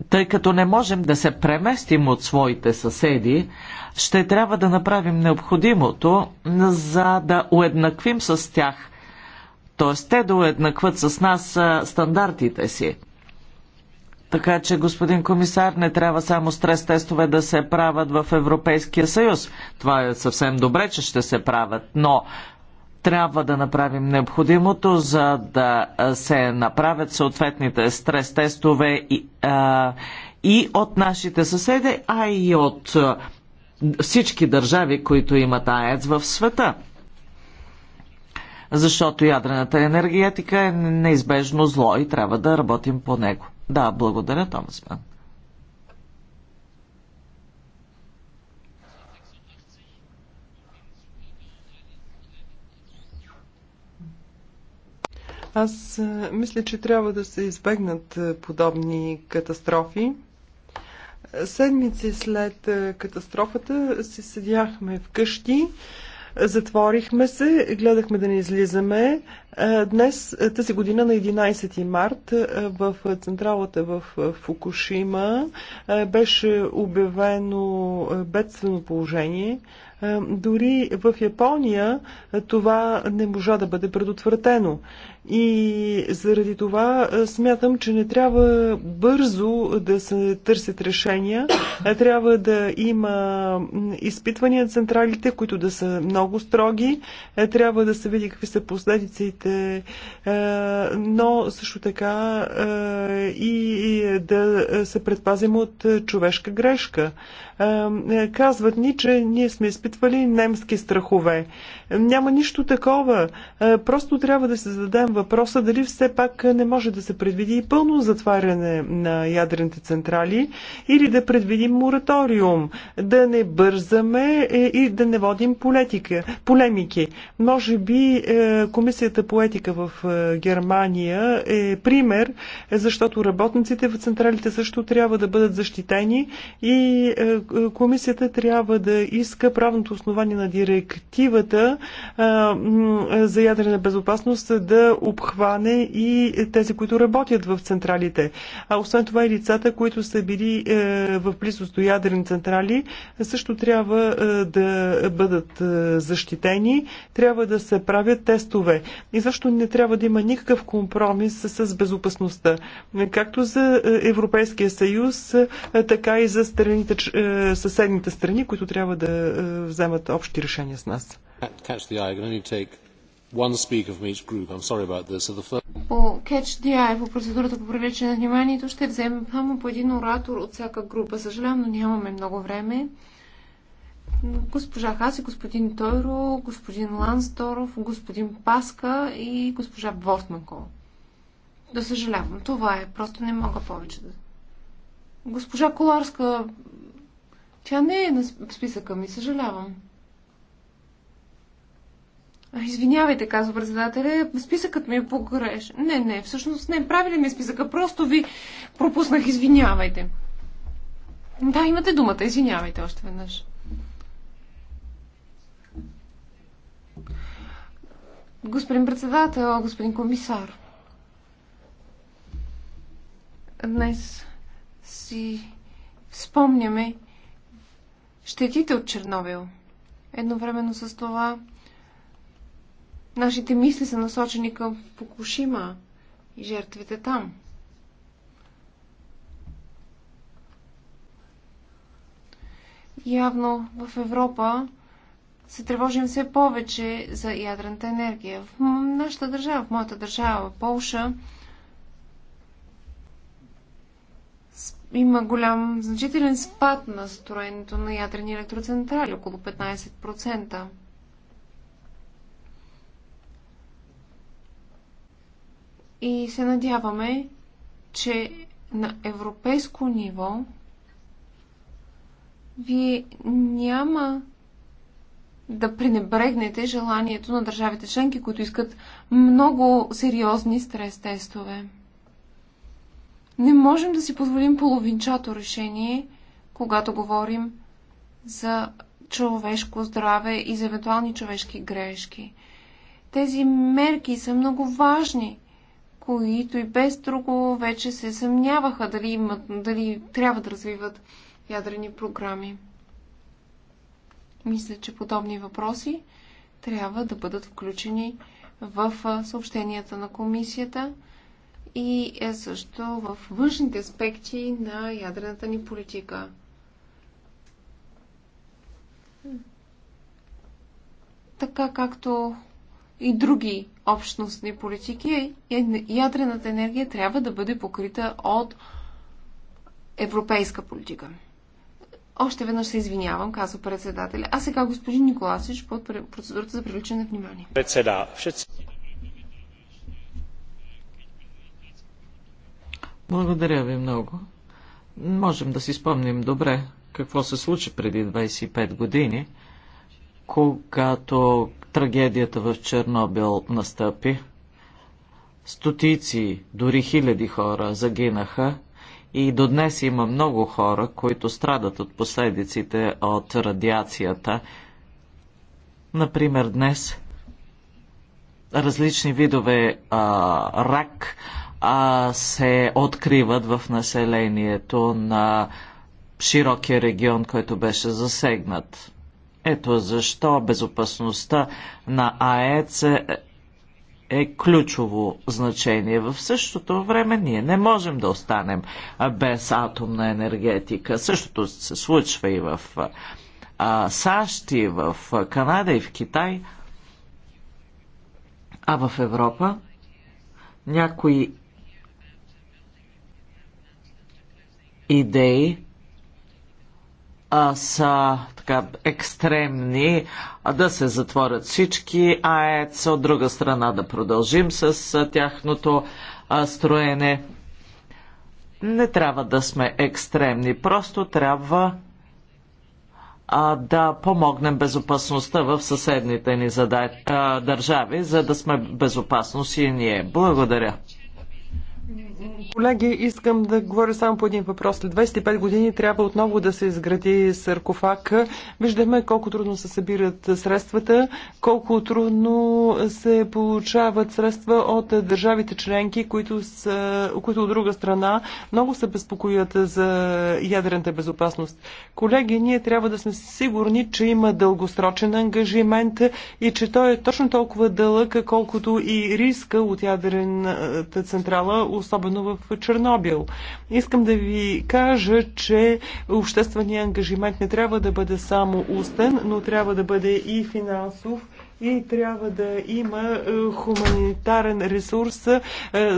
тъй като не можем да се преместим от своите съседи, ще трябва да направим необходимото, за да уеднаквим с тях. Т.е. те да уеднакват с нас стандартите си. Така че, господин комисар, не трябва само стрес тестове да се правят в Европейския съюз. Това е съвсем добре, че ще се правят, но трябва да направим необходимото, за да се направят съответните стрес тестове и, а, и от нашите съседи, а и от всички държави, които имат АЕЦ в света. Защото ядрената енергетика е неизбежно зло и трябва да работим по него. Да, благодаря, Томас Ман. Аз мисля, че трябва да се избегнат подобни катастрофи. Седмици след катастрофата си седяхме вкъщи. къщи Затворихме се, гледахме да не излизаме. Е, днес, е, тази година на 11 март, е, в централата в Фукушима беше обявено бедствено положение. Е, дори в Япония е, това не можа да бъде предотвратено. И заради това е, смятам, че не трябва бързо да се търсят решения, а трябва да има изпитвания на централите, които да са много строги, трябва да се види какви са последиците, но също така и да се предпазим от човешка грешка. Казват ни, че ние сме изпитвани изпитвали немски страхове. Няма нищо такова. Е, просто трябва да се зададем въпроса дали все пак не може да се предвиди и пълно затваряне на ядрените централи или да предвидим мораториум, да не бързаме е, и да не водим политика, полемики. Може би е, Комисията по етика в Германия е пример, защото работниците в централите също трябва да бъдат защитени и комисията трябва да иска правното основание на директивата за ядрена безопасност да обхване и тези, които работят в централите. А освен това и лицата, които са били е, в близост до ядрени централи, също трябва е, да бъдат е, защитени, трябва да се правят тестове. И също не трябва да има никакъв компромис с безопасността. Както за Европейския съюз, така и за страните, съседните страни, които трябва да вземат общи решения с нас. Catch the eye. I can only take one speaker from each group. I'm sorry about this. So the first... По Catch the Eye, по процедурата по привличане на вниманието, ще вземем само по един оратор от всяка група. Съжалявам, но нямаме много време. Госпожа Хаси, господин Тойро, господин Лансторов, господин Паска и госпожа Вортманкова. Да съжалявам, това е. Просто не мога повече да... Госпожа Коларска, тя не е на списъка ми, съжалявам. Извинявайте, казва председателя, списъкът ми е погреш. Не, не, всъщност не, правили ми е списъка, просто ви пропуснах, извинявайте. Да, имате думата, извинявайте още веднъж. Господин председател, господин комисар, днес си спомняме щетите от Чернобил. Едновременно с това Нашите мисли са насочени към Фукушима и жертвите там. Явно в Европа се тревожим все повече за ядрената енергия. В нашата държава, в моята държава, в Полша, има голям, значителен спад на строенето на ядрени електроцентрали, около 15%. И се надяваме, че на европейско ниво вие няма да пренебрегнете желанието на държавите членки, които искат много сериозни стрес тестове. Не можем да си позволим половинчато решение, когато говорим за човешко здраве и за евентуални човешки грешки. Тези мерки са много важни – които и без друго вече се съмняваха дали, имат, дали трябва да развиват ядрени програми. Мисля, че подобни въпроси трябва да бъдат включени в съобщенията на комисията и е също в външните аспекти на ядрената ни политика. Така както и други общностни политики, е, е, ядрената енергия трябва да бъде покрита от европейска политика. Още веднъж се извинявам, казва председателя. А сега господин Николасич под процедурата за привличане на внимание. Председа, Благодаря ви много. Можем да си спомним добре какво се случи преди 25 години, когато трагедията в Чернобил настъпи, стотици, дори хиляди хора загинаха и до днес има много хора, които страдат от последиците от радиацията. Например, днес различни видове а, рак а, се откриват в населението на широкия регион, който беше засегнат. Ето защо безопасността на АЕЦ е, е ключово значение. В същото време ние не можем да останем без атомна енергетика. Същото се случва и в САЩ, и в Канада, и в Китай. А в Европа някои идеи а, са така екстремни, а да се затворят всички АЕЦ, от друга страна да продължим с а, тяхното а, строене. Не трябва да сме екстремни, просто трябва а, да помогнем безопасността в съседните ни а, държави, за да сме безопасност и ние. Благодаря. Колеги, искам да говоря само по един въпрос. След 25 години трябва отново да се изгради саркофаг. Виждаме колко трудно се събират средствата, колко трудно се получават средства от държавите членки, които, са, които от друга страна много се безпокоят за ядрената безопасност. Колеги, ние трябва да сме сигурни, че има дългосрочен ангажимент и че той е точно толкова дълъг, колкото и риска от ядрената централа, особено в в Чернобил. Искам да ви кажа, че обществения ангажимент не трябва да бъде само устен, но трябва да бъде и финансов и трябва да има е, хуманитарен ресурс, е,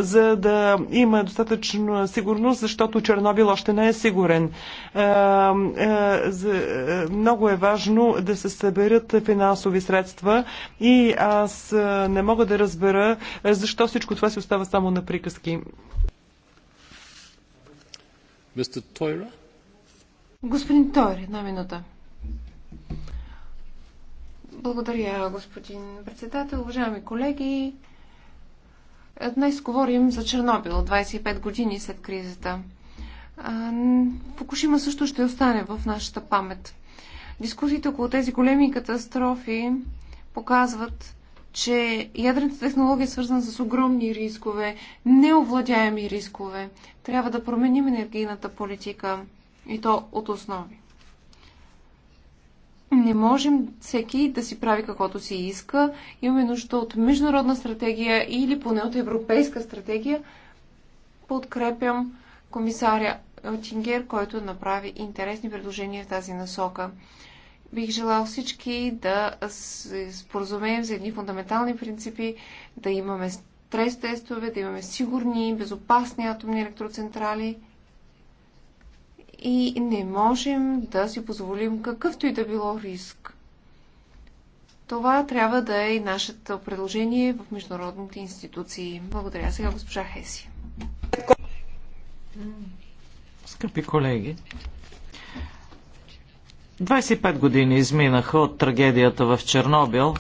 за да има достатъчно сигурност, защото Чернобил още не е сигурен. Е, много е важно да се съберат финансови средства и аз не мога да разбера защо всичко това си остава само на приказки. Господин Тойра, една минута. Благодаря, господин председател. Уважаеми колеги, днес говорим за Чернобил, 25 години след кризата. Фукушима също ще остане в нашата памет. Дискусиите около тези големи катастрофи показват, че ядрената технология е свързана с огромни рискове, неовладяеми рискове. Трябва да променим енергийната политика и то от основи. Не можем всеки да си прави каквото си иска. Имаме нужда от международна стратегия или поне от европейска стратегия. Подкрепям комисаря Тингер, който направи интересни предложения в тази насока. Бих желал всички да споразумеем за едни фундаментални принципи, да имаме стрес тестове, да имаме сигурни, безопасни атомни електроцентрали. И не можем да си позволим какъвто и да било риск. Това трябва да е и нашето предложение в международните институции. Благодаря. Сега госпожа Хеси. Скъпи колеги, 25 години изминаха от трагедията в Чернобил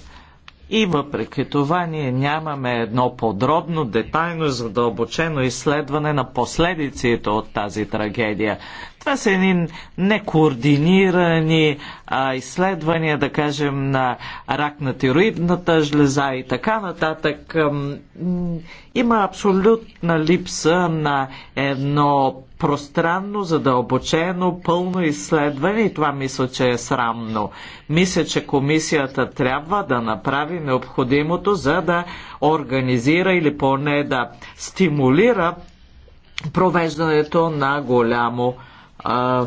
и въпреки това ние нямаме едно подробно, детайно, задълбочено изследване на последиците от тази трагедия. Това са едни некоординирани а, изследвания, да кажем, на рак на тироидната жлеза и така нататък. Има абсолютна липса на едно пространно, задълбочено, пълно изследване и това мисля, че е срамно. Мисля, че комисията трябва да направи необходимото, за да организира или поне да стимулира провеждането на голямо а,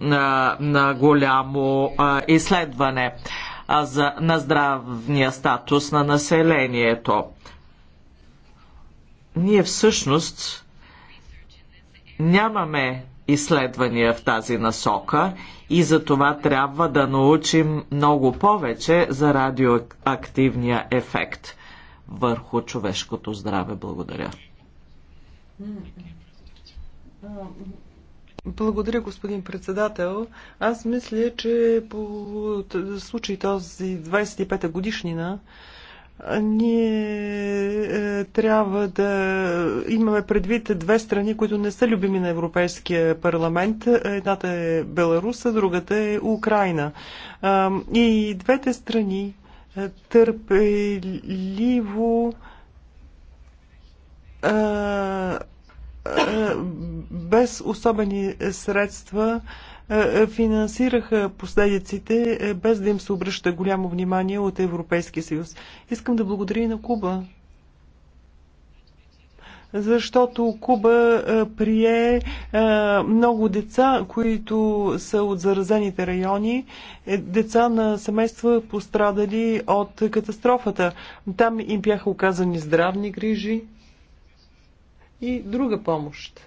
на, на голямо а, изследване а, за, на здравния статус на населението. Ние всъщност нямаме изследвания в тази насока и за това трябва да научим много повече за радиоактивния ефект върху човешкото здраве. Благодаря. Благодаря, господин председател. Аз мисля, че по случай този 25-та годишнина, ние е, трябва да имаме предвид две страни, които не са любими на Европейския парламент. Едната е Беларуса, другата е Украина. Е, и двете страни е, търпеливо без особени средства е, е, финансираха последиците, е, без да им се обръща голямо внимание от Европейския съюз. Искам да благодаря и на Куба, защото Куба прие много деца, които са от заразените райони, деца на семейства пострадали от катастрофата. Там им бяха оказани здравни грижи и друга помощ.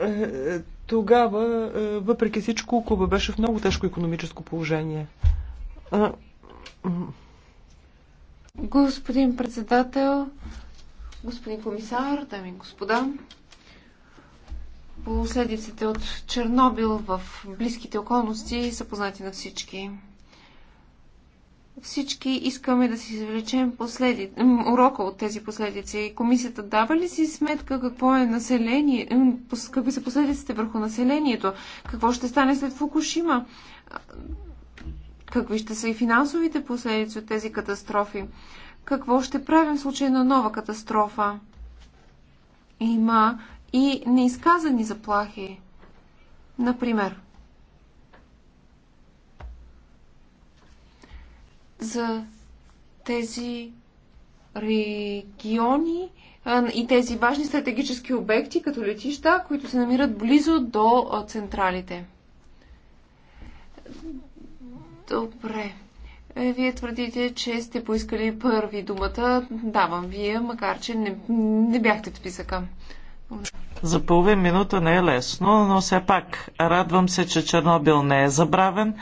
Е, тогава, е, въпреки всичко, Куба беше в много тежко економическо положение. Господин председател, господин комисар, дами и господа, последиците от Чернобил в близките околности са познати на всички всички искаме да си извлечем последи... урока от тези последици. Комисията дава ли си сметка какво е население, какви са последиците върху населението, какво ще стане след Фукушима, какви ще са и финансовите последици от тези катастрофи, какво ще правим в случай на нова катастрофа. Има и неизказани заплахи. Например, за тези региони и тези важни стратегически обекти, като летища, които се намират близо до централите. Добре. Е, вие твърдите, че сте поискали първи думата. Давам вие, макар че не, не бяхте в списъка. За половин минута не е лесно, но все пак радвам се, че Чернобил не е забравен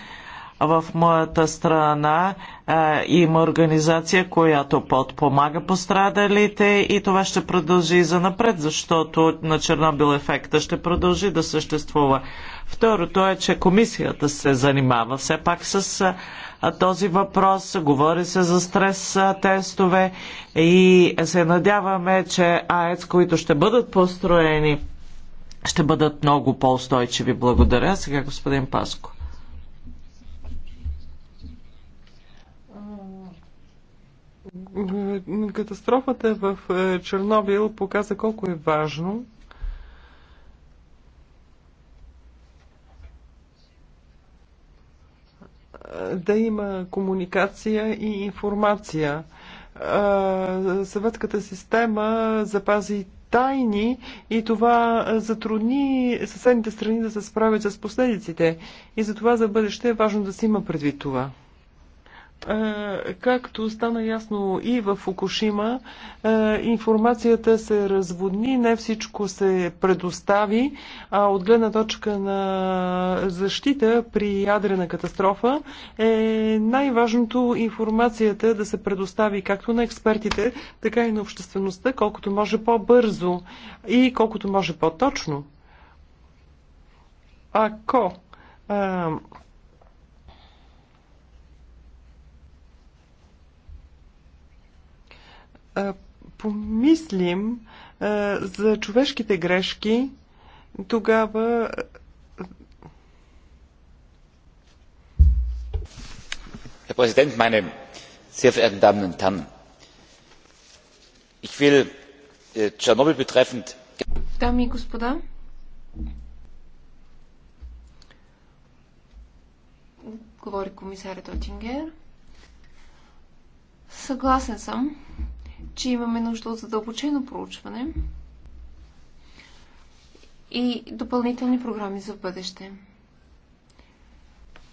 в моята страна а, е, има организация, която подпомага пострадалите и това ще продължи и занапред, защото на Чернобил ефекта ще продължи да съществува. Второто е, че комисията се занимава все пак с а, е, този въпрос, говори се за стрес а, е, тестове и се надяваме, че АЕЦ, които ще бъдат построени, ще бъдат много по-устойчиви. Благодаря. Сега господин Паско. Катастрофата в е, Чернобил показа колко е важно да има комуникация и информация. Съветската система запази тайни и това затрудни съседните страни да се справят с последиците. И за това за бъдеще е важно да се има предвид това. Е, както стана ясно и в Фукушима, е, информацията се разводни, не всичко се предостави, а от гледна точка на защита при ядрена катастрофа е най-важното информацията да се предостави както на експертите, така и на обществеността, колкото може по-бързо и колкото може по-точно. Ако е, помислим а, за човешките грешки, тогава herr präsident meine sehr verehrten damen und herren! ich will tschernobyl betreffend Dami, господа, говори комисарят Отингер. Съгласен съм че имаме нужда от задълбочено проучване и допълнителни програми за бъдеще.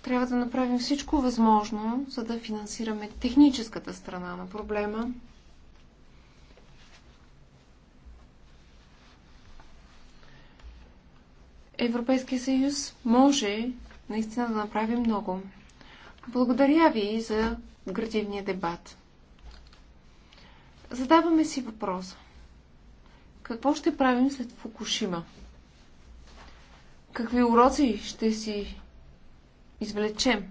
Трябва да направим всичко възможно, за да финансираме техническата страна на проблема. Европейския съюз може наистина да направи много. Благодаря ви за градивния дебат. Задаваме си въпроса. Какво ще правим след Фукушима? Какви уроци ще си извлечем?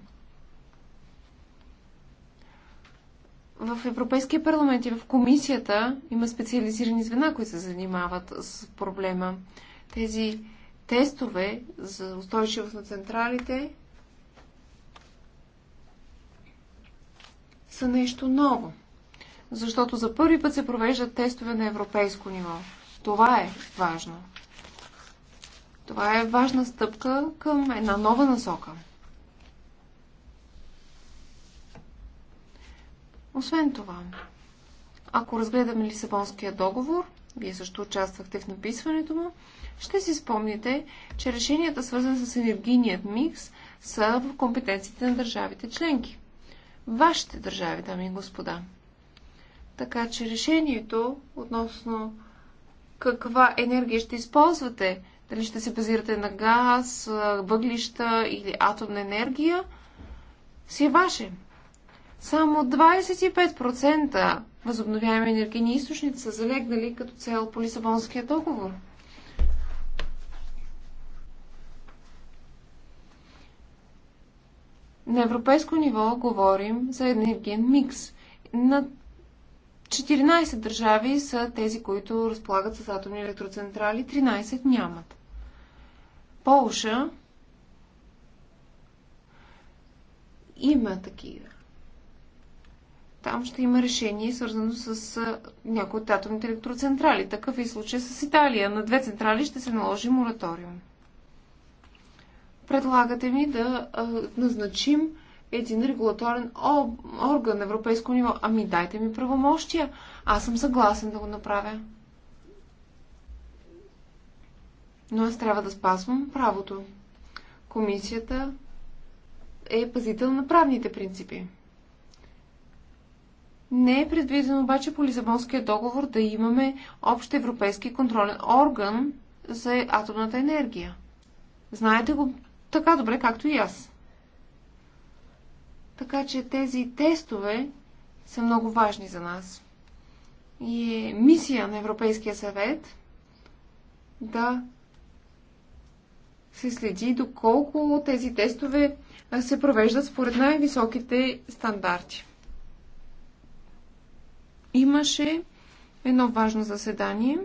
В Европейския парламент и в комисията има специализирани звена, които се занимават с проблема. Тези тестове за устойчивост на централите са нещо ново защото за първи път се провеждат тестове на европейско ниво. Това е важно. Това е важна стъпка към една нова насока. Освен това, ако разгледаме Лисабонския договор, вие също участвахте в написването му, ще си спомните, че решенията свързани с енергийният микс са в компетенциите на държавите членки. Вашите държави, дами и господа. Така че решението относно каква енергия ще използвате, дали ще се базирате на газ, въглища или атомна енергия, си е ваше. Само 25% възобновяеми енергийни източници са залегнали като цел по Лисабонския договор. На европейско ниво говорим за енергиен микс. На 14 държави са тези, които разполагат с атомни електроцентрали, 13 нямат. Полша има такива. Там ще има решение, свързано с някои от атомните електроцентрали. Такъв е случай с Италия. На две централи ще се наложи мораториум. Предлагате ми да назначим един регулаторен орган на европейско ниво. Ами дайте ми правомощия. Аз съм съгласен да го направя. Но аз трябва да спазвам правото. Комисията е пазител на правните принципи. Не е предвидено обаче по Лисабонския договор да имаме общ европейски контролен орган за атомната енергия. Знаете го така добре, както и аз. Така че тези тестове са много важни за нас. И е мисия на Европейския съвет да се следи доколко тези тестове се провеждат според най-високите стандарти. Имаше едно важно заседание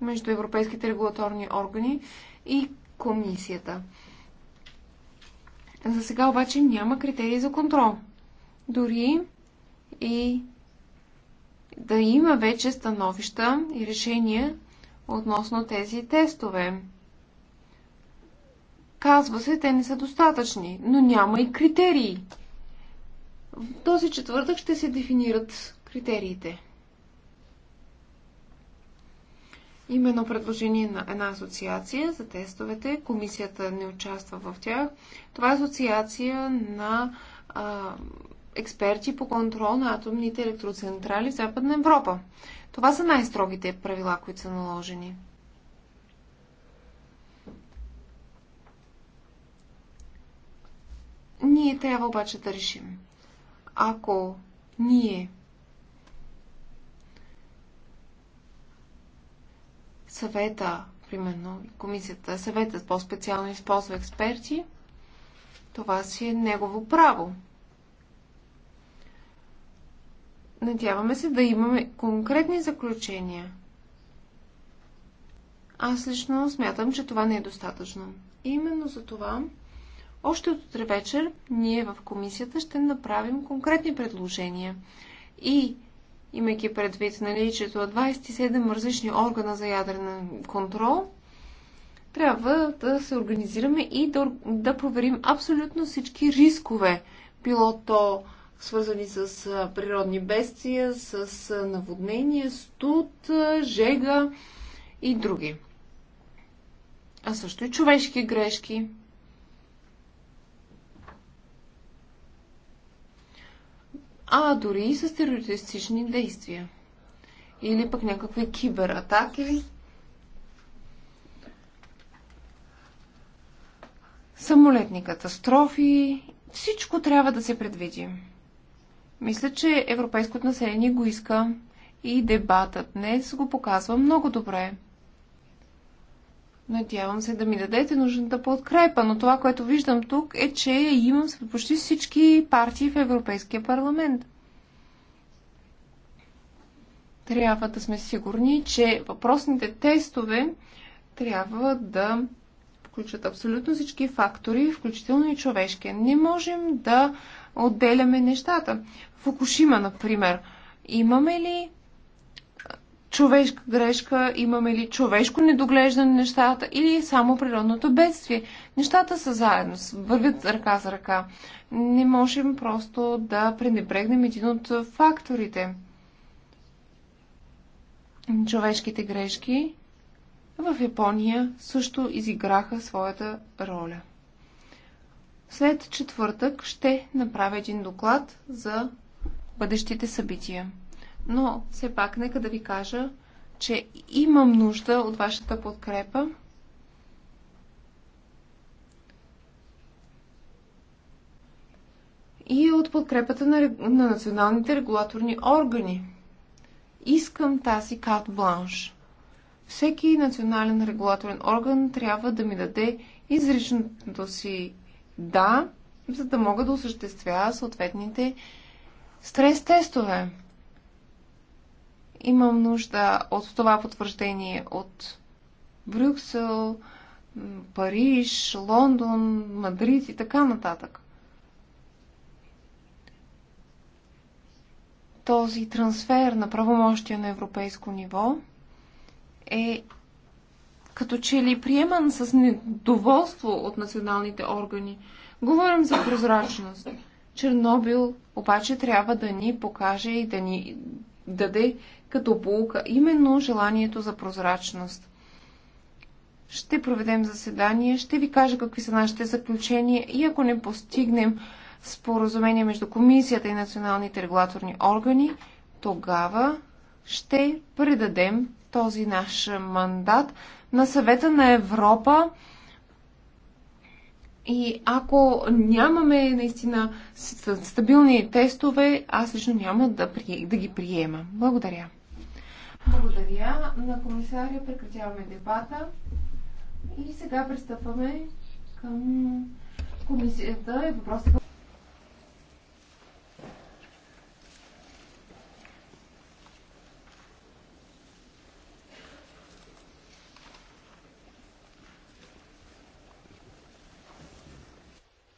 между европейските регулаторни органи и комисията. За сега обаче няма критерии за контрол. Дори и да има вече становища и решения относно тези тестове. Казва се, те не са достатъчни, но няма и критерии. В този четвъртък ще се дефинират критериите. именно предложение на една асоциация за тестовете. Комисията не участва в тях. Това е асоциация на а, експерти по контрол на атомните електроцентрали в Западна Европа. Това са най-строгите правила, които са наложени. Ние трябва обаче да решим. Ако ние съвета, примерно комисията, съветът по-специално използва експерти, това си е негово право. Надяваме се да имаме конкретни заключения. Аз лично смятам, че това не е достатъчно. И именно за това, още от утре вечер, ние в комисията ще направим конкретни предложения. И имайки предвид наличието на 27 различни органа за ядрен контрол, трябва да се организираме и да, да проверим абсолютно всички рискове, било то свързани с природни бедствия, с наводнения, студ, жега и други. А също и човешки грешки, а дори и с терористични действия. Или пък някакви кибератаки. Самолетни катастрофи. Всичко трябва да се предвиди. Мисля, че европейското население го иска и дебатът днес го показва много добре. Надявам се да ми дадете нужната подкрепа, но това, което виждам тук е, че имам с почти всички партии в Европейския парламент. Трябва да сме сигурни, че въпросните тестове трябва да включат абсолютно всички фактори, включително и човешкия. Не можем да отделяме нещата. Фукушима, например, имаме ли човешка грешка, имаме ли човешко недоглеждане на нещата или е само природното бедствие. Нещата са заедно, вървят ръка за ръка. Не можем просто да пренебрегнем един от факторите. Човешките грешки в Япония също изиграха своята роля. След четвъртък ще направя един доклад за бъдещите събития но все пак нека да ви кажа, че имам нужда от вашата подкрепа. И от подкрепата на, на националните регулаторни органи. Искам тази карт бланш. Всеки национален регулаторен орган трябва да ми даде изричното си да, за да мога да осъществя съответните стрес тестове. Имам нужда от това потвърждение от Брюксел, Париж, Лондон, Мадрид и така нататък. Този трансфер на правомощия на европейско ниво е като че ли приеман с недоволство от националните органи. Говорим за прозрачност. Чернобил обаче трябва да ни покаже и да ни даде като полука именно желанието за прозрачност. Ще проведем заседание, ще ви кажа какви са нашите заключения и ако не постигнем споразумение между комисията и националните регулаторни органи, тогава ще предадем този наш мандат на съвета на Европа и ако нямаме наистина стабилни тестове, аз лично няма да, при... да ги приема. Благодаря. Благодаря на комисаря. Прекратяваме дебата. И сега пристъпваме към комисията и въпроса.